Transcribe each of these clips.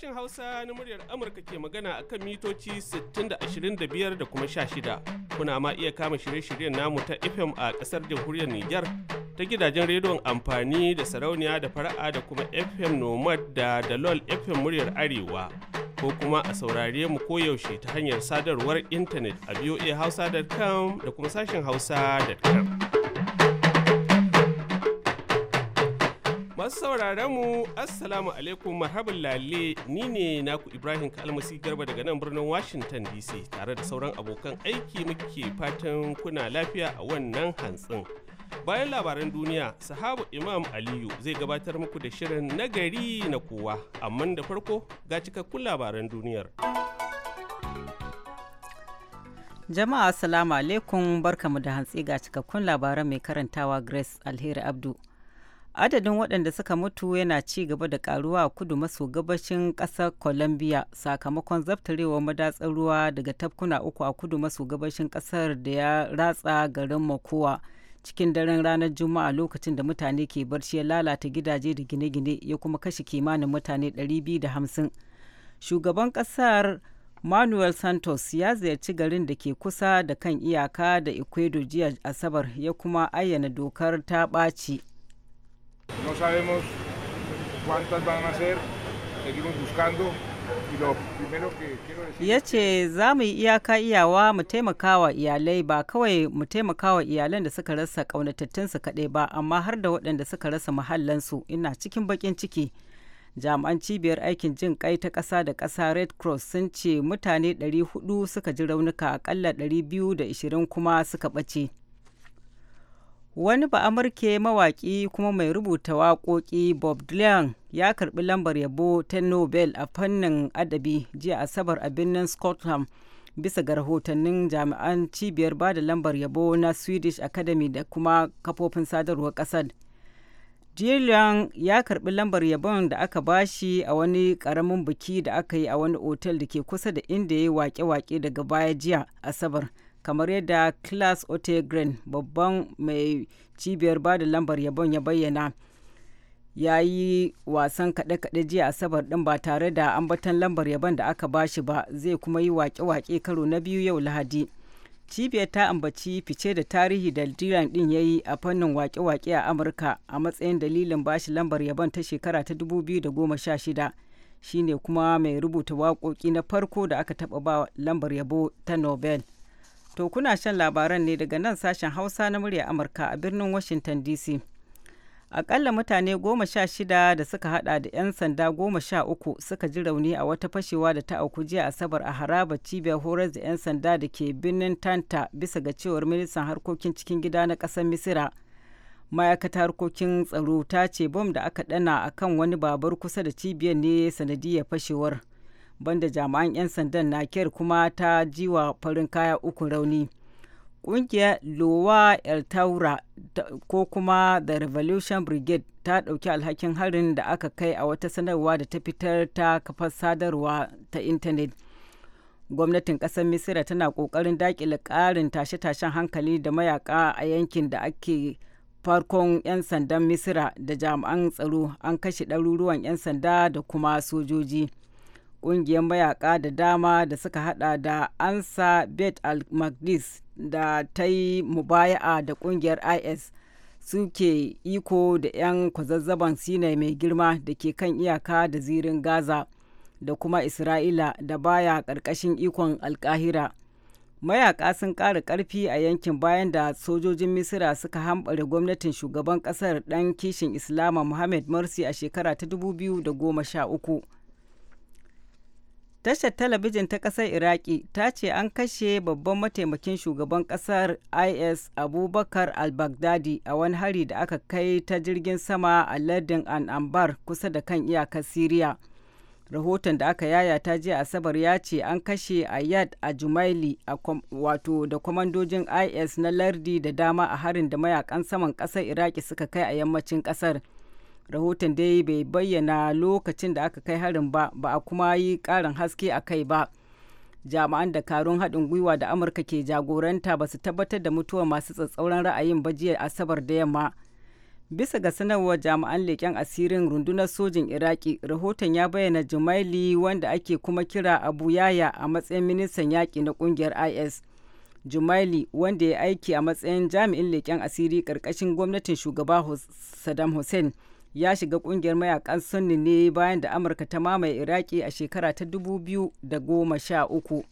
Sashen Hausa na muryar Amurka ke magana a kan mitoci da da kuma 16. Kuna ma iya kama shirye-shiryen namu ta FM a ƙasar jamhuriyar Nijar ta gidajen rediyon amfani da sarauniya da fara'a da kuma FM Nomad da Dalol FM muryar Arewa. Ko kuma a saurare mu koyaushe ta hanyar sadarwar intanet a voahausa.com da kuma sashen hausa.com. Masu sauraron mu Assalamu alaikum marhaban lalle ni ne naku Ibrahim Kalmasi Garba daga nan birnin Washington DC tare da sauran abokan aiki muke fatan kuna lafiya a wannan hantsin. Bayan labaran duniya, sahabu Imam Aliyu zai gabatar muku da shirin nagari na kowa, amma da farko ga cikakkun labaran duniyar. Jama'a Assalamu alaikum barkamu da hantsi ga cikakkun labaran mai karantawa Grace Alheri Abdu. adadin waɗanda suka mutu yana ci gaba da karuwa a kudu maso gabashin ƙasar colombia sakamakon zaftarewar madatsar ruwa daga tafkuna uku a kudu maso gabashin ƙasar da ya ratsa garin makowa cikin daren ranar juma'a lokacin da mutane ke barci ya lalata gidaje da gine-gine ya kuma kashe kimanin mutane 250 shugaban ƙasar manuel santos ya ziyarci garin da ke kusa da kan iyaka da ecuador jiya asabar ya kuma ayyana dokar ta ɓaci No sabemos cuántas van a ser, seguimos buscando. ya ce za mu yi iyaka iyawa mu taimakawa iyalai ba kawai mu taimakawa iyalan da suka rasa kaunatattunsu kaɗai ba amma har da waɗanda suka rasa mahallansu ina cikin baƙin ciki jami'an cibiyar aikin jin kai ta ƙasa da ƙasa red cross sun ce mutane 400 suka ji raunuka akalla 220 kuma suka ɓace wani ba'amurke mawaƙi kuma mai rubuta waƙoƙi bob dylan ya karɓi lambar yabo ta nobel a fannin adabi jiya asabar a birnin scotland bisa ga rahotannin jami'an cibiyar ba da lambar yabo na swedish academy da kuma kafofin sadarwar ƙasar dylan ya karɓi lambar yabon da aka bashi a wani ƙaramin biki da aka yi a wani otel da ke kusa da inda ya yi waƙe-waƙe daga baya jiya asabar kamar yadda Klaas Otegren babban mai cibiyar ba da lambar yabon ya bayyana ya yi wasan kaɗe-kaɗe jiya asabar ɗin ba tare da ambatan lambar yabon da aka ba shi ba zai kuma yi wake-wake karo na biyu yau lahadi cibiyar ta ambaci fice da tarihi da diram din ya yi a fannin wake-wake a amurka a matsayin dalilin bashi lambar yabon ta shekara ta 2016 shine kuma mai rubuta waƙoƙi na farko da aka taɓa ba lambar yabo ta nobel To kuna shan labaran ne daga nan sashen Hausa na murya Amurka a birnin Washington DC. Akalla mutane goma sha shida da suka haɗa da 'yan sanda goma sha uku suka ji rauni a wata fashewa da ta auku jiya Asabar a haraba cibiyar horar da 'yan sanda da ke birnin Tanta bisa ga cewar ministan harkokin cikin gida na ƙasar Misira. Ma'aikatar harkokin tsaro ta ce bom da aka dana akan wani babar kusa da cibiyar ne sanadiyar fashewar. banda jami'an 'yan sandan na kyar kuma ta jiwa farin kaya uku rauni ƙungiyar lowa el taura ko kuma the revolution brigade ta ɗauki alhakin harin da aka kai a wata sanarwa da ta fitar ta kafar sadarwa ta intanet gwamnatin ƙasar misira tana ƙoƙarin daƙile ƙarin tashe-tashen hankali da mayaka a yankin da ake farkon 'yan sandan misira da jami'an tsaro an kashe ɗaruruwan 'yan sanda da kuma sojoji ƙungiyar mayaka da dama da suka hada da ansa bet al magdis da ta yi mubaya'a da ƙungiyar is suke iko da 'yan kwazazzaban sinai mai girma da ke kan iyaka da zirin gaza da kuma isra'ila da baya ƙarƙashin ikon alkahira mayaka sun ƙara ƙarfi a yankin bayan da sojojin misira suka hambare gwamnatin shugaban ƙasar ɗan kishin islama muhammad morsi a shekara ta 2013 Tashar talabijin ta ƙasar Iraki ta ce an kashe babban mataimakin shugaban ƙasar IS Abubakar al-Baghdadi a wani hari da aka kai ta jirgin sama a lardin an Ambar kusa da kan iyakar Siriya. Rahoton da aka yaya ta jiya Asabar ya ce an kashe Ayyad a Jumaili wato da kwamandojin IS na lardi da dama a harin da mayakan saman ƙasar Iraki suka kai a yammacin ƙasar. rahoton dai bai bayyana lokacin da aka kai harin ba ba a kuma yi karin haske a kai ba jami'an da karun haɗin gwiwa da amurka ke jagoranta ba su tabbatar da mutuwar masu tsatsauran ra'ayin ba jiya asabar da yamma bisa ga sanarwar jami'an leƙen asirin rundunar sojin iraki rahoton ya bayyana jumaili wanda ake kuma kira abu yaya a matsayin ministan yaƙi na ƙungiyar is jumaili wanda ya aiki a matsayin jami'in leƙen asiri ƙarƙashin gwamnatin shugaba saddam hussein ya shiga kungiyar mayakan sunni ne bayan da amurka ta mamaye iraki a shekara ta 2013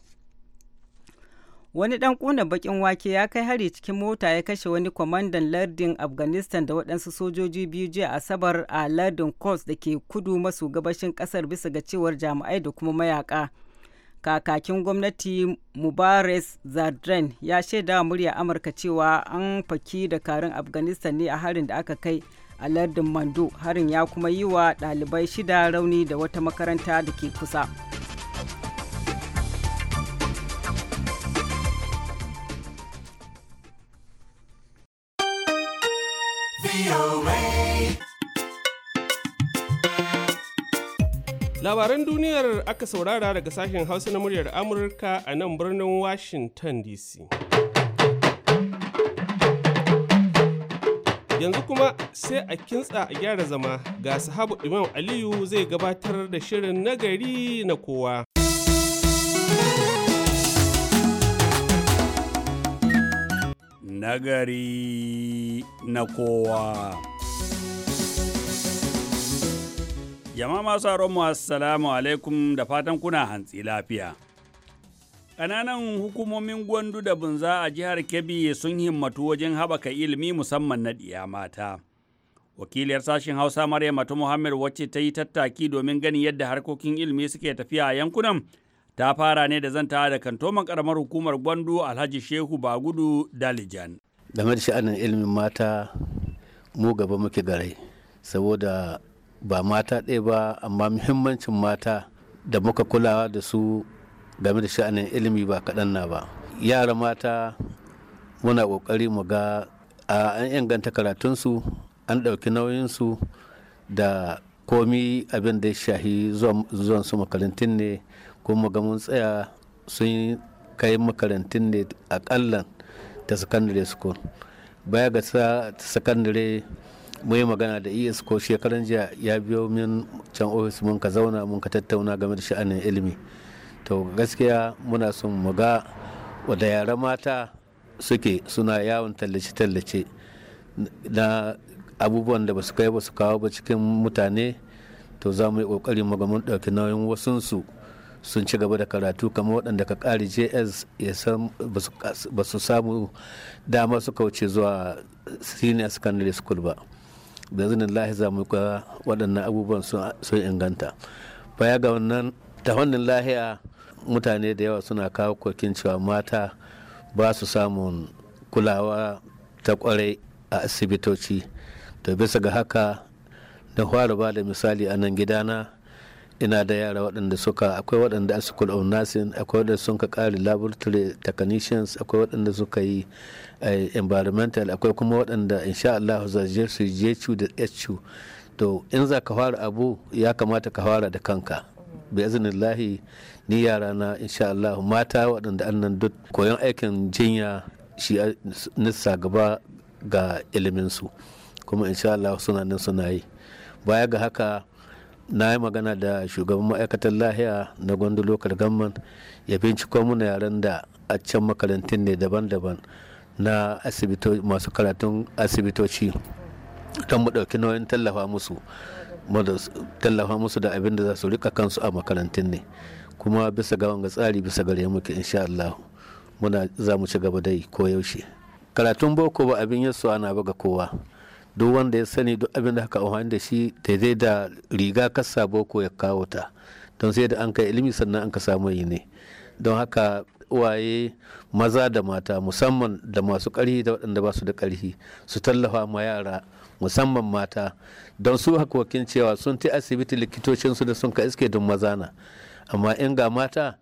wani dan kuna bakin wake ya kai hari cikin mota ya kashe wani kwamandan lardin afghanistan da waɗansu sojoji biyu jiya asabar a lardin coast da ke kudu maso gabashin ƙasar bisa ga cewar jami'ai da kuma mayaka kakakin gwamnati mubares zardren ya shaida murya amurka cewa an faki da karin afghanistan ne a harin da aka kai a lardin mando harin ya kuma yi wa ɗalibai shida rauni da wata makaranta da ke kusa labaran duniyar aka saurara daga sashen hausa na muryar amurka a nan birnin washington dc Yanzu kuma sai a kintsa a gyara zama ga sahabu Imam Aliyu zai gabatar da shirin nagari na kowa. Nagari na kowa. Jama'a masu mu assalamu alaikum da fatan kuna hantsi lafiya. kananan hukumomin Gwandu da Bunza a jihar Kebbi sun himmatu wajen haɓaka ilimi musamman na ɗiya mata. Wakiliyar sashen Hausa Maryam Mato Muhammad wacce ta yi tattaki domin ganin yadda harkokin ilimi suke tafiya a yankunan ta fara ne da zanta da kantoman ƙaramar hukumar Gwandu Alhaji Shehu Bagudu Dalijan. Game da sha'anin ilimin mata mu gaba muke garai saboda ba mata ɗaya ba amma muhimmancin mata da muka kulawa da su game da sha'anin ilimi ba kaɗan na ba yara mata muna ƙoƙari mu ga an inganta karatunsu an ɗauki nauyinsu da komi abin da ya shahi zuwan su makarantun ne kuma ga mun tsaya sun kai makarantun ne akallan ta secondary school baya ga ta secondary yi magana da es ko shekaran jiya ya biyo min can ofis mun ka zauna mun ka tattauna game da sha'anin ilimi to gaskiya muna son mu ga wadda yara mata suke suna yawon tallace-tallace na abubuwan da basu kai basu kawo ba cikin mutane to za mu yi kokari mu ga mun dauki nauyin wasunsu sun ci gaba da karatu kamar waɗanda ka ƙari js ba su samu dama su kauce zuwa senior secondary school ba da zinin lahi za mu waɗannan abubuwan sun inganta baya ga wannan ta wannan lahiya mutane da yawa suna kawo kokin cewa mata ba su samun kulawa ta kwarai a asibitoci to bisa ga haka da fara ba da misali a nan gidana ina da yara waɗanda suka akwai waɗanda a school of nursing akwai waɗanda sun ka ƙari laboratory technicians akwai waɗanda suka yi eh, environmental akwai kuma waɗanda insha Allah za su je su je da to in za ka fara abu ya kamata ka fara da kanka bi lahi ni yara na insha Allah mata waɗanda annan duk koyon aikin jinya shi nisa gaba ga iliminsu kuma insha Allah suna nan suna yi baya ga haka na yi magana da shugaban ma'aikatar lahiya na gwandu lokal gamman ya binciko muna yaran da a can makarantun ne daban-daban na masu karatun asibitoci don mu ɗauki nauyin tallafa musu da tallafa musu da abin da za su rika kansu a makarantun ne kuma bisa ga wanga tsari bisa gare muke insha Allah muna za mu ci gaba dai ko yaushe karatun boko ba abin yaso ana ba ga kowa duk wanda ya sani duk abin da haka amfani da shi daidai da riga kasa boko ya kawo ta don sai da an kai ilimi sannan an ka samu yi ne don haka uwaye maza da mata musamman da masu ƙarfi da waɗanda ba su da ƙarfi su tallafa ma yara musamman mata don su hakokin cewa sun ta asibiti likitocinsu da sun ka iske don maza na amma in ga mata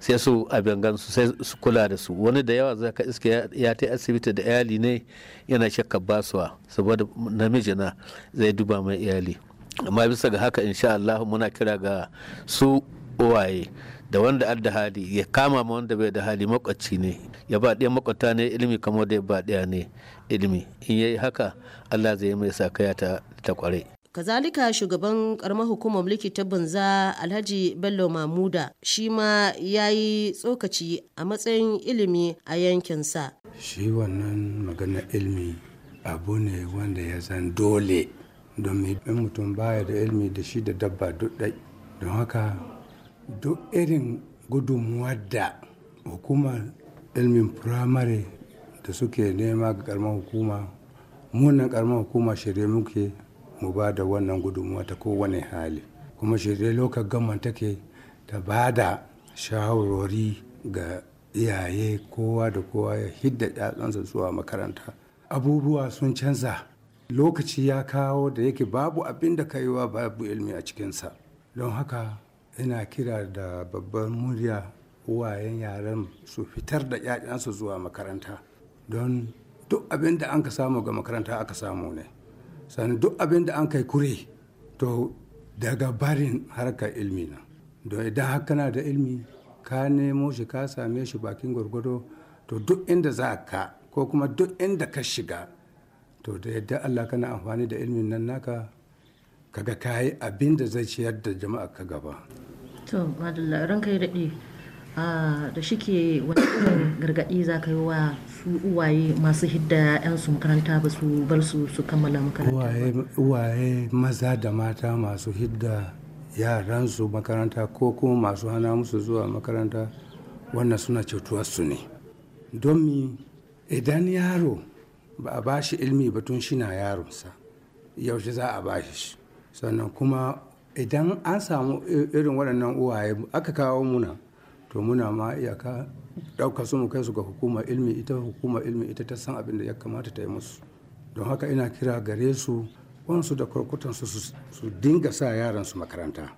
sai su abin gansu sai su kula da su wani da yawa zaka iske ya ta asibiti da iyali ne yana shakka basuwa saboda namiji na zai duba mai iyali amma bisa ga haka insha Allah muna kira ga su uwaye da wanda da hali ya kama ma wanda bai da hali makwacci ne ya ba ɗaya makwata ne ilimi kamar da ya ba ɗaya ne ilimi in yayi haka Allah zai yi mai kaya ta ta kware kazalika shugaban karamar hukumar mulki ta banza alhaji bello mamuda shi ma yayi tsokaci a matsayin ilimi a yankinsa shi wannan magana ilimi abu ne wanda ya zan dole don mutum baya da ilimi da shi da dabba duk don haka duk irin gudunmuwar da hukumar ilmin firamare da suke nema ga karamar hukuma munan karamar hukuma shirye muke mu ba da wannan gudunmuwa ta kowane hali kuma shirye lokar gaman take ta ba da shawarwari ga iyaye kowa da kowa ya hidda ɗansa zuwa makaranta abubuwa sun canza lokaci ya kawo da yake babu abin da kaiwa babu ilmi a cikinsa don haka ina kira da babbar murya uwayen yaran su fitar da 'ya'yansu zuwa makaranta don duk abin da an ka samu ga makaranta aka samu ne sannan duk abin da an kai kure to daga barin harkar ilmi na don idan har kana da ilmi ka nemo shi ka same shi bakin gwargwado to duk inda za ka ko kuma duk inda ka shiga to da yadda allah kana amfani da ilmin nan naka kaga ka yi abin da zai ciyar da jama'a ka gaba to madalla ranka ya daɗe ah, da ke wani gargaɗi za ka yi wa su uwaye masu hidda su makaranta ba su bar su su kammala makaranta uwaye maza da mata masu hidda su makaranta ko kuma masu hana musu zuwa makaranta wannan suna su ne don mi idan yaro ba a bashi ilmi ba tun shi na yaronsa yaushe za a bashi shi sannan kuma idan an samu irin waɗannan uwaye aka kawo muna to muna ma iyaka ɗauka su mu kai su ga hukumar ilmi ita hukumar ilmi ita ta san abin da ya kamata ta yi musu don haka ina kira gare su wansu da kurkutansu su dinga sa yaran su makaranta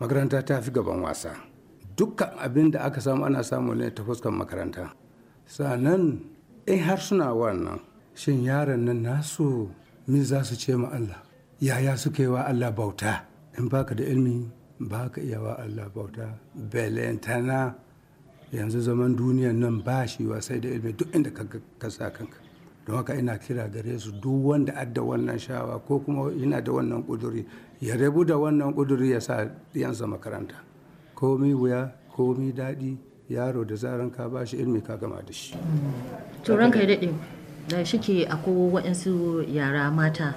makaranta ta fi gaban wasa dukkan abin da aka samu ana samu ne ta fuskan makaranta sannan in har suna wannan shin yaran nan nasu min za su ce ma Allah yaya suke wa Allah bauta in baka da ilimi ba ka iya wa Allah bauta belentana yanzu zaman duniyan nan ba shi wa sai da ilimi duk inda ka sa kanka don haka ina kira gare su duk wanda adda wannan shawa ko kuma yana da wannan kuduri ya rabu da wannan kuduri ya sa ɗiyansa makaranta komi wuya komi daɗi yaro da zaran ka ba shi ilimi ka gama da shi turan ya daɗe da ke akwai waɗansu yara mata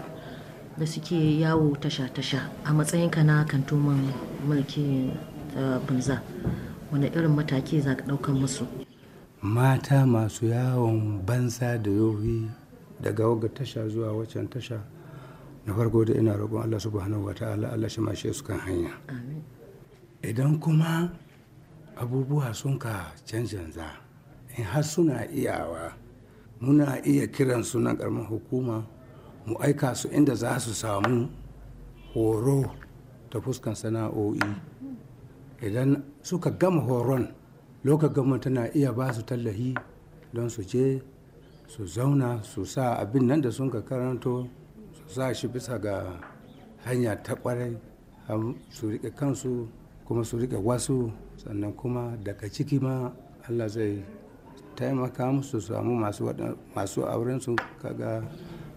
da suke yawo tasha-tasha a matsayinka na kantoman mulki ta eh, bunza wani irin mataki za ka ɗaukan musu mata masu yawon banza da yohi daga waga tasha zuwa waccan tasha na farko da ina roƙon allah subhanahu wa ta'ala allah shi mashe su kan hanya idan kuma abubuwa sun ka canjanza in har suna iyawa muna iya kiran na karamin hukuma mu aika su inda za su samu horo ta fuskan sana'o'i idan suka gama horon lokacin gama tana iya ba su tallahi don su je su zauna su sa abin nan da sun ka karanto su sa shi bisa ga hanya ta kwarai su rike kansu kuma su rike wasu sannan kuma daga ciki ma allah zai taimaka musu samu masu aurensu. kaga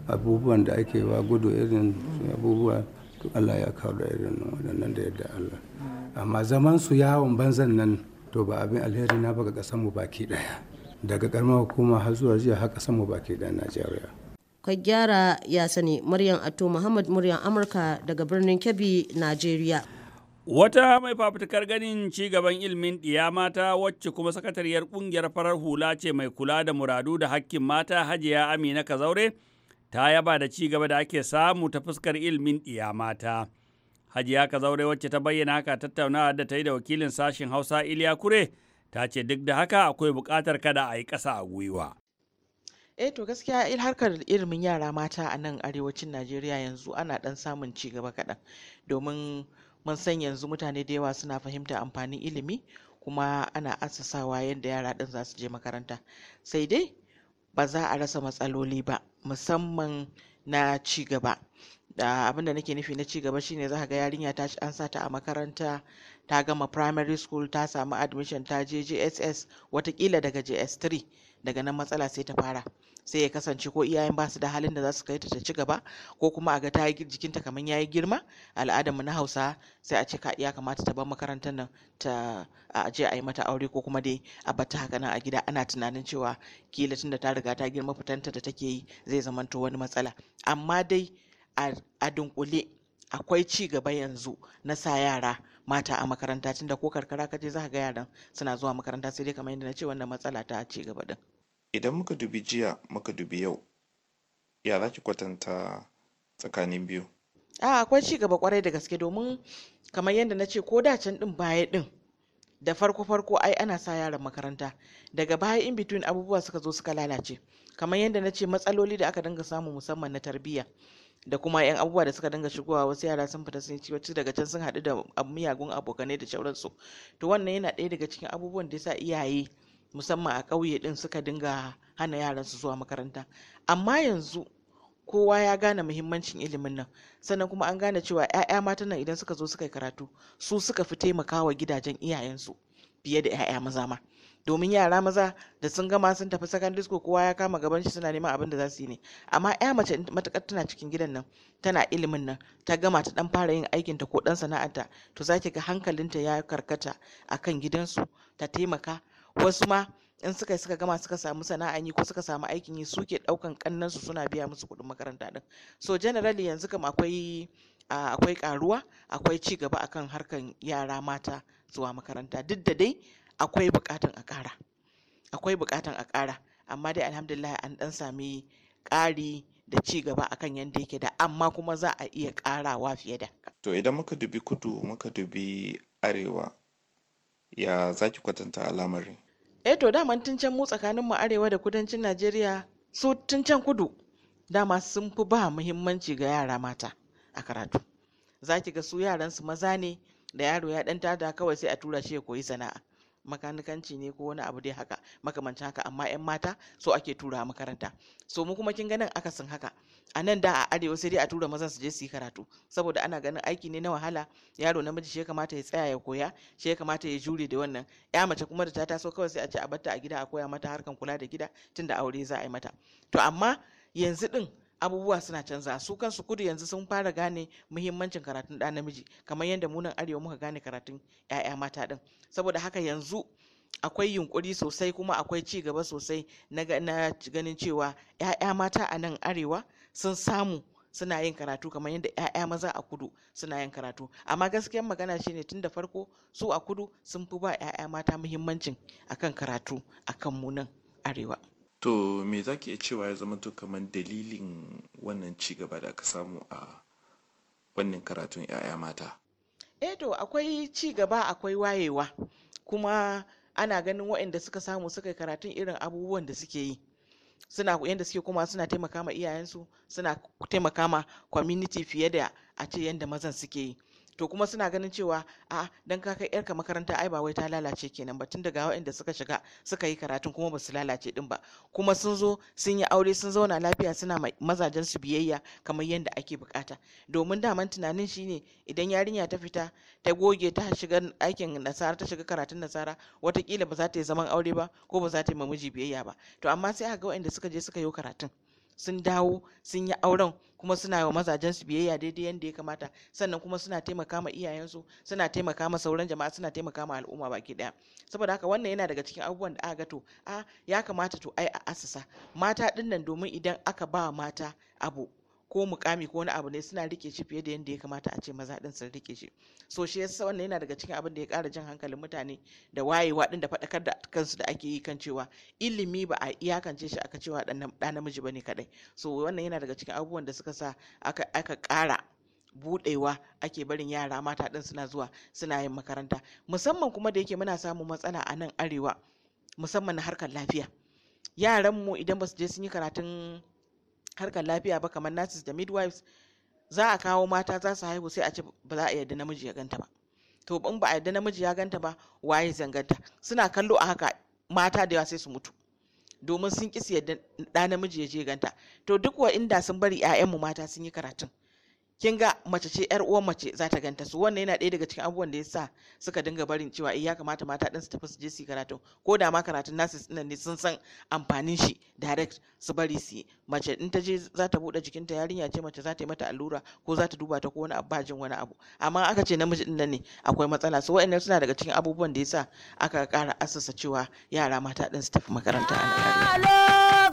abubuwan da ake wa gudu irin abubuwa to Allah ya kawo da irin waɗannan da yadda Allah amma zaman su yawon banzan nan to ba abin alheri na ba ga ƙasar mu baki ɗaya daga karma hukuma har zuwa jiya har ƙasar mu baki ɗaya Najeriya ka gyara ya sani Maryam Ato Muhammad Maryam Amurka daga birnin Kebbi Najeriya Wata mai fafutukar ganin ci gaban ilimin ɗiya mata wacce kuma sakatariyar ƙungiyar farar hula ce mai kula da muradu da hakkin mata Hajiya Amina Kazaure ta yaba da ci gaba da ake samu ta fuskar ilimin ɗiya mata. Hajiya zaure wacce ta bayyana haka tattaunawa da ta yi da wakilin sashen Hausa Iliya Kure ta ce duk da haka akwai buƙatar kada a yi ƙasa a gwiwa. eh to gaskiya harkar ilimin yara mata a nan arewacin najeriya yanzu ana dan samun ci gaba kaɗan domin mun san yanzu mutane da yawa suna fahimta amfanin ilimi kuma ana asasawa yadda yara ɗin za su je makaranta sai dai ba za a rasa matsaloli ba musamman na ci da abinda nake nufi na ci gaba shine za ka ga yarinya ta an sa ta a makaranta ta gama primary school ta samu admission ta je JSS watakila daga JS3 daga nan matsala sai ta fara sai ya kasance ko iyayen ba su da halin da za su kai ta ta ci gaba ko kuma a ga ta jikinta kamar yi girma al'adar mu na Hausa sai a ce ka iya kamata ta bar makarantar nan ta a je a yi mata aure ko kuma dai a bata haka nan a gida ana tunanin cewa kila da ta riga ta girma fitanta da take yi zai zamanto wani matsala amma dai a dunkule akwai ci gaba yanzu na sa yara mata a makaranta tunda ko karkara ka je za ka ga yaran suna zuwa makaranta sai dai kamar yadda na ce wannan matsala ta ci gaba din Idan muka dubi jiya muka dubi yau, ya za ki kwatanta tsakanin biyu? A ah, akwai ci gaba kwarai da gaske domin kamar yadda na ce ko da can din baya din da farko farko ai ana sa yaran makaranta daga baya in between abubuwa suka zo suka lalace kamar yadda na ce matsaloli da aka dinga samu musamman na tarbiyya da kuma yan abubuwa da suka dinga shigowa wasu yara sun fita sun ci wacce daga can sun haɗu da miyagun abokanai da sauransu to wannan yana ɗaya daga cikin abubuwan da ya sa iyaye musamman a ƙauye ɗin suka dinga hana yaran su zuwa makaranta amma yanzu kowa ya gane muhimmancin ilimin nan sannan kuma an gane cewa 'ya'ya mata nan idan suka zo suka yi karatu su suka fi taimakawa gidajen iyayensu fiye da 'ya'ya maza ma domin yara maza da sun gama sun tafi secondary school kowa ya kama gaban shi suna neman abin da za su yi ne amma 'ya mace matukar tana cikin gidan nan tana ilimin nan ta gama ta dan fara yin aikin ta ko dan sana'arta to za ki ga hankalinta ya karkata akan gidansu ta taimaka wasu ma in suka suka gama suka samu sana'an yi ko suka samu aikin yi suke daukan kannan su suna biya musu kuɗin makaranta din so generally yanzu kam akwai akwai karuwa akwai ci gaba akan harkan yara mata zuwa makaranta duk da dai akwai bukatan a ƙara akwai bukatan a kara amma dai alhamdulillah an dan sami ƙari da ci gaba akan yadda yake da amma kuma za a iya ƙarawa fiye da to idan muka dubi kudu muka dubi arewa ya zaki kwatanta al'amarin eh to daman tun can mu tsakanin mu arewa da kudancin Najeriya su tun can kudu dama sun fi ba muhimmanci ga yara mata a karatu za ki ga su yaran su maza ne da yaro ya dan tada kawai sai a tura shi ya koyi sana'a makanikanci ne ko wani abu dai haka makamancin haka amma yan mata so ake tura makaranta so mu kuma kin ganin akasin haka a nan da a arewa sai dai a tura mazan su je su yi karatu saboda ana ganin aiki ne na wahala yaro namiji shi ya kamata ya tsaya ya koya shi ya kamata ya jure da wannan ya mace kuma da ta taso kawai sai a ce a batta a gida a koya mata harkan kula da gida tunda aure za a yi mata to amma yanzu din abubuwa suna canza su kansu kudu yanzu sun fara gane muhimmancin karatun ɗa namiji kamar yadda munan arewa muka gane karatun 'ya'ya mata ɗin saboda haka yanzu akwai yunkuri sosai kuma akwai ci gaba sosai na ganin cewa 'ya'ya mata a nan arewa sun samu suna yin karatu kamar yadda 'ya'ya maza a kudu suna yin karatu amma gaskiyar magana shine tun da farko su a kudu sun fi ba 'ya'ya mata muhimmancin akan karatu akan munan arewa To me za ki iya cewa ya zama to kamar dalilin wannan cigaba da aka samu a wannan karatun 'ya'ya mata? Eh to akwai ci gaba akwai wayewa kuma ana ganin waɗanda suka samu suka karatun irin abubuwan da suke yi. suna yadda suke kuma suna taimaka ma iyayensu suna taimaka ma community fiye da a ce yadda mazan suke yi to kuma suna ganin cewa a dan ka kai yarka makaranta ai ba wai ta lalace kenan ba tun daga waɗanda suka shiga suka yi karatun kuma ba su lalace din ba kuma sun zo sun yi aure sun zauna lafiya suna mazajen su biyayya kamar yadda ake bukata domin daman tunanin shine idan yarinya ta fita ta goge ta shiga aikin nasara ta shiga karatun nasara watakila ba za ta yi zaman aure ba ko ba za ta yi mamiji biyayya ba to amma sai aka ga waɗanda suka je suka yi karatun sun dawo sun yi auren kuma suna wa mazajen su biyayya daidai yadda ya kamata sannan kuma suna taimaka ma iyayensu suna taimaka ma sauran jama'a suna taimaka ma al'umma baki daya saboda haka wannan yana daga cikin abubuwan da aka ga to a ya kamata to ai a asasa mata dinnan domin idan aka ba mata abu ko mukami ko wani abu ne suna rike shi fiye da yadda ya kamata a ce maza din sun rike shi so shi yasa wannan yana daga cikin abin da ya ƙara jan hankalin mutane da wayewa din da faɗakar da kansu da ake yi kan cewa ilimi ba a iyakance shi aka cewa ɗan namiji bane kaɗai, so wannan yana daga cikin abubuwan da suka sa aka aka ƙara budewa ake barin yara mata din suna zuwa suna yin makaranta musamman kuma da yake muna samun matsala a nan arewa musamman na harkar lafiya yaranmu idan ba su je sun yi karatun harkar lafiya ba kamar nurses da midwives za a kawo mata za su haihu sai a ce ba za a yarda namiji ya ganta ba to in ba a yarda namiji ya ganta ba waye zanganta suna kallo a haka mata da yawa sai su mutu domin sun ƙi su ɗa namiji ya je ganta to duk wa inda sun bari 'ya'yanmu mata sun yi karatun kin ga mace ce yar uwan mace za ta ganta su wannan yana ɗaya daga cikin abubuwan da ya sa suka dinga barin cewa eh, ya kamata mata ɗin su tafi su je su karatu ko da ma karatun nasu nan ne sun san amfanin shi direct su bari su yi mace in ta je za ta buɗe jikinta yarinya ce mace za ta yi mata allura ko za ta duba ta ko wani abu jin wani abu amma aka ce namiji ɗin nan ne akwai matsala su wa'annan suna daga cikin abubuwan da ya sa aka ƙara assasa cewa yara mata ɗin su tafi makaranta a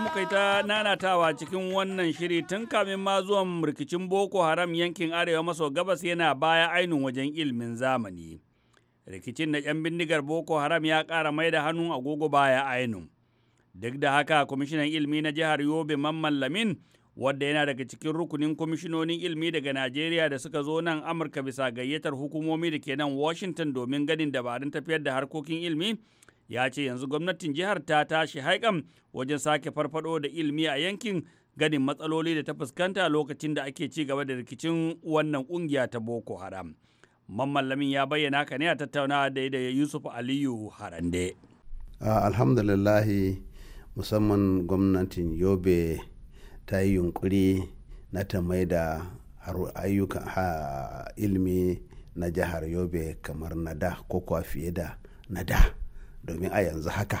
muka yi ta nanatawa cikin wannan shiri tun kamin ma zuwan rikicin Boko Haram yankin Arewa maso gabas yana baya ainihin wajen ilmin zamani. Rikicin na 'yan bindigar Boko Haram ya kara mai da hannu agogo baya ainihin. Duk da haka, kwamishinan ilimi na jihar Yobe Mamman Lamin wadda yana daga cikin rukunin kwamishinonin ilimi daga Najeriya da suka zo nan Amurka bisa gayyatar hukumomi da ke nan Washington domin ganin dabarun tafiyar da harkokin ilimi ya ce yanzu gwamnatin jihar ta tashi haikan wajen sake farfado da ilimi a yankin ganin matsaloli da ta fuskanta lokacin da ake ci gaba da rikicin wannan kungiya ta boko haram mamallamin ya bayyana ka ne a tattaunawa da da yusuf aliyu harande ah, alhamdulillahi musamman gwamnatin yobe ta yi yunkuri na ta mai da ayyukan ilimi na jihar yobe kamar na da ko kuwa fiye da na da domin a yanzu haka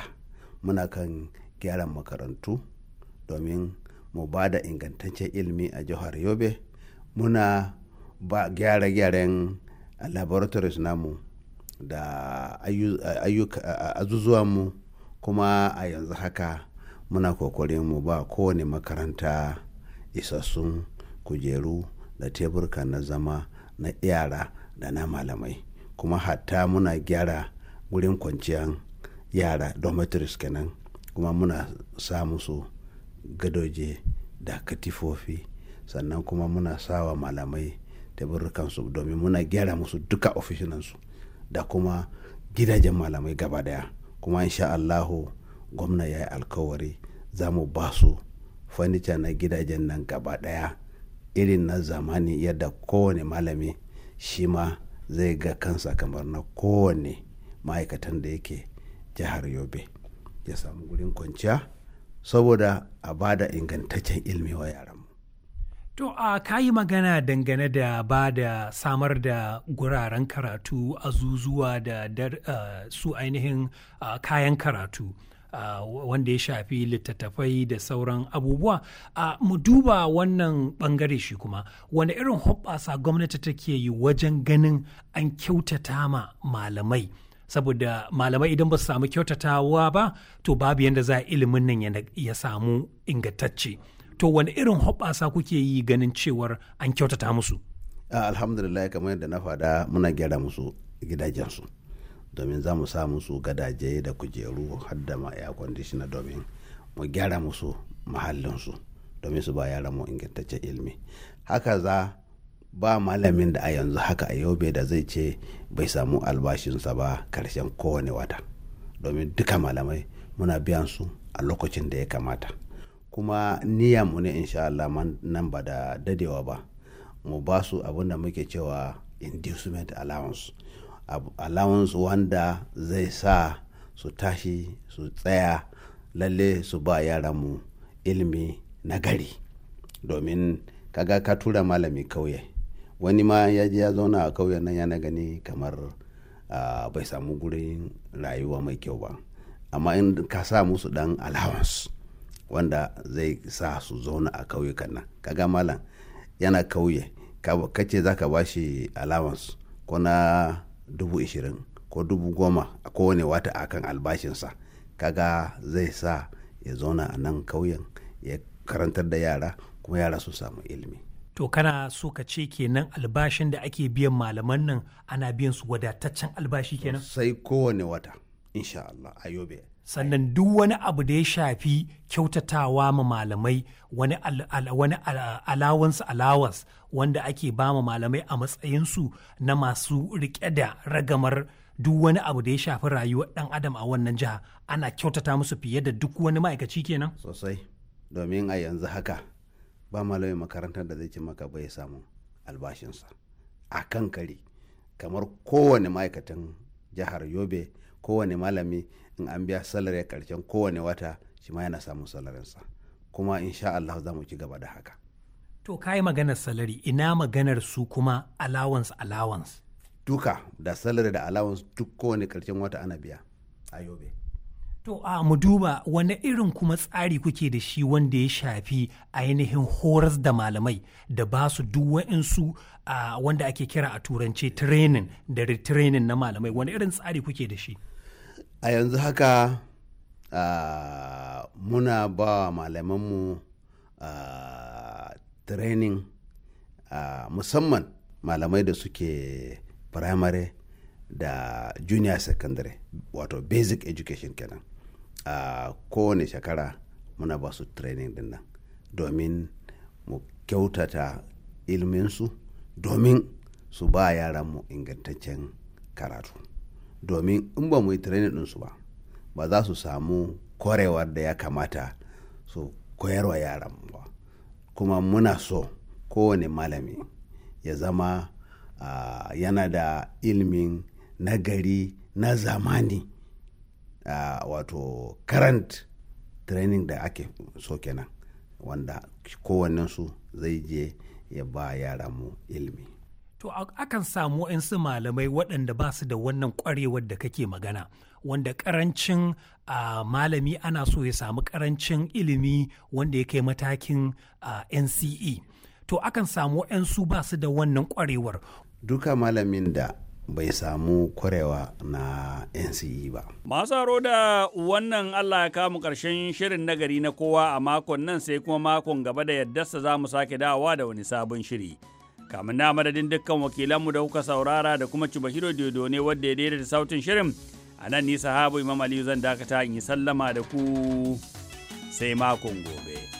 muna kan gyara makarantu domin mu ba da ingantaccen ilimi a jihar yobe muna ba gyare-gyaren laboratories namu da ayyuka mu. kuma a yanzu haka muna kokarin mu ba kowane makaranta isassun kujeru da teburka na zama na yara da na malamai kuma hatta muna gyara wurin kwanciyar yara dormitories kenan kuma muna sa musu gadoje da katifofi sannan kuma muna sawa malamai su domin muna gyara musu duka ofishinansu da kuma gidajen malamai gaba daya kuma insha allahu gwamna ya yi alkawari za mu ba su fanica na gidajen nan gaba daya irin na zamani yadda kowane malami shi ma zai ga kansa kamar na kowane ma'aikatan da yake jihar yobe ya samu gurin kwanciya saboda a bada ingantaccen ilmi wa mu. to a ka yi magana dangane da ba da samar da guraren karatu a zuzuwa da su ainihin kayan karatu wanda ya shafi littattafai da sauran abubuwa a mu duba wannan bangare shi kuma wanda irin hoɓɓasa gwamnati take yi wajen ganin an kyautata ma malamai saboda malamai idan ba su samu kyautatawa ba to babu yadda za ilimin nan ya samu ingantacce to wani irin hoɓasa kuke yi ganin cewar an kyautata musu alhamdulillah kamar yadda na fada muna gyara musu gidajensu domin za mu sa musu gadaje da kujeru har da air conditioner domin mu gyara musu mahallinsu domin su ba yaran mu ingantaccen ilimi haka za ba malamin da a yanzu haka a yau da zai ce bai samu albashinsa ba karshen kowane wata domin duka malamai muna biyan su a lokacin da ya kamata kuma mu ne insha Allah nan ba da dadewa ba mu ba su abin da muke cewa inducement allowance allowance wanda zai sa su tashi su tsaya lalle su ba yaran mu ilimi na gari domin kaga ka tura malami kauye wani ma ya je ya zauna a kauyen nan yana gani kamar bai samu gurin rayuwa mai kyau ba amma in ka sa musu dan allowance wanda zai sa su zauna a kan nan kaga malam yana kauye kace za ka ba shi allowance ko na dubu ishirin ko dubu goma a kowane wata akan albashinsa kaga zai sa ya zauna a nan kauyen ya karantar da yara kuma yara su samu ilimi to kana so ka ce kenan albashin da ake biyan malaman nan ana biyan su wadataccen albashi kenan sai kowane wata insha Allah a yobe sannan duk wani abu da ya shafi kyautatawa ma malamai wani wani allowance allowance wanda ake ba ma malamai a matsayinsu na masu rike da ragamar duk wani abu da ya shafi rayuwar ɗan adam a wannan jiha ana kyautata musu fiye da duk wani ma'aikaci kenan sosai domin a yanzu haka ba malamin makarantar da zai ce maka bai samu albashinsa a kan kari kamar kowane ma'aikatan jihar yobe kowane malami in an biya salari karshen kowane wata shi ma yana samun salarinsa kuma insha Allah za mu ci gaba da haka to kayi maganar salari ina maganar su kuma allowance allowance duka da salari da allowance duk kowane karshen wata ana biya a yobe To a mu duba wani irin kuma tsari kuke da shi wanda ya shafi ainihin horas da malamai da ba su duk a wanda ake kira a turance training da retraining na malamai wani irin tsari kuke da shi? A yanzu haka muna ba malamanmu training musamman malamai da suke primary da junior secondary wato basic education kenan a kowane shekara muna ba su training din nan domin mu kyautata ilminsu domin su ba yaranmu ingantaccen karatu domin in ba mu yi training ɗinsu ba ba za su samu korewar da ya kamata su koyarwa yaran mu ba kuma muna so kowane malami ya zama uh, yana da ilmin nagari na zamani wato current training da ake so kenan wanda su zai je ya ba yara mu ilimi to akan samu su malamai waɗanda ba su da wannan ƙwarewar da kake magana wanda ƙarancin malami ana so ya samu ƙarancin ilimi wanda ya kai matakin nce to akan samu 'yan su ba su da wannan ƙwarewar duka malamin da bai samu kwarewa na NCE ba. Masu haro da wannan Allah ya kamu karshen shirin nagari na kowa a makon nan sai kuma makon gaba da yaddarsa za mu sake dawowa da wani sabon shiri. Kamun na madadin dukkan wakilanmu da kuka saurara da kuma ciba hiro Dodo ne wadda ya daidaita sautin shirin. A nan nisa habu Imam Aliyu zan dakata in yi sallama da ku sai makon gobe.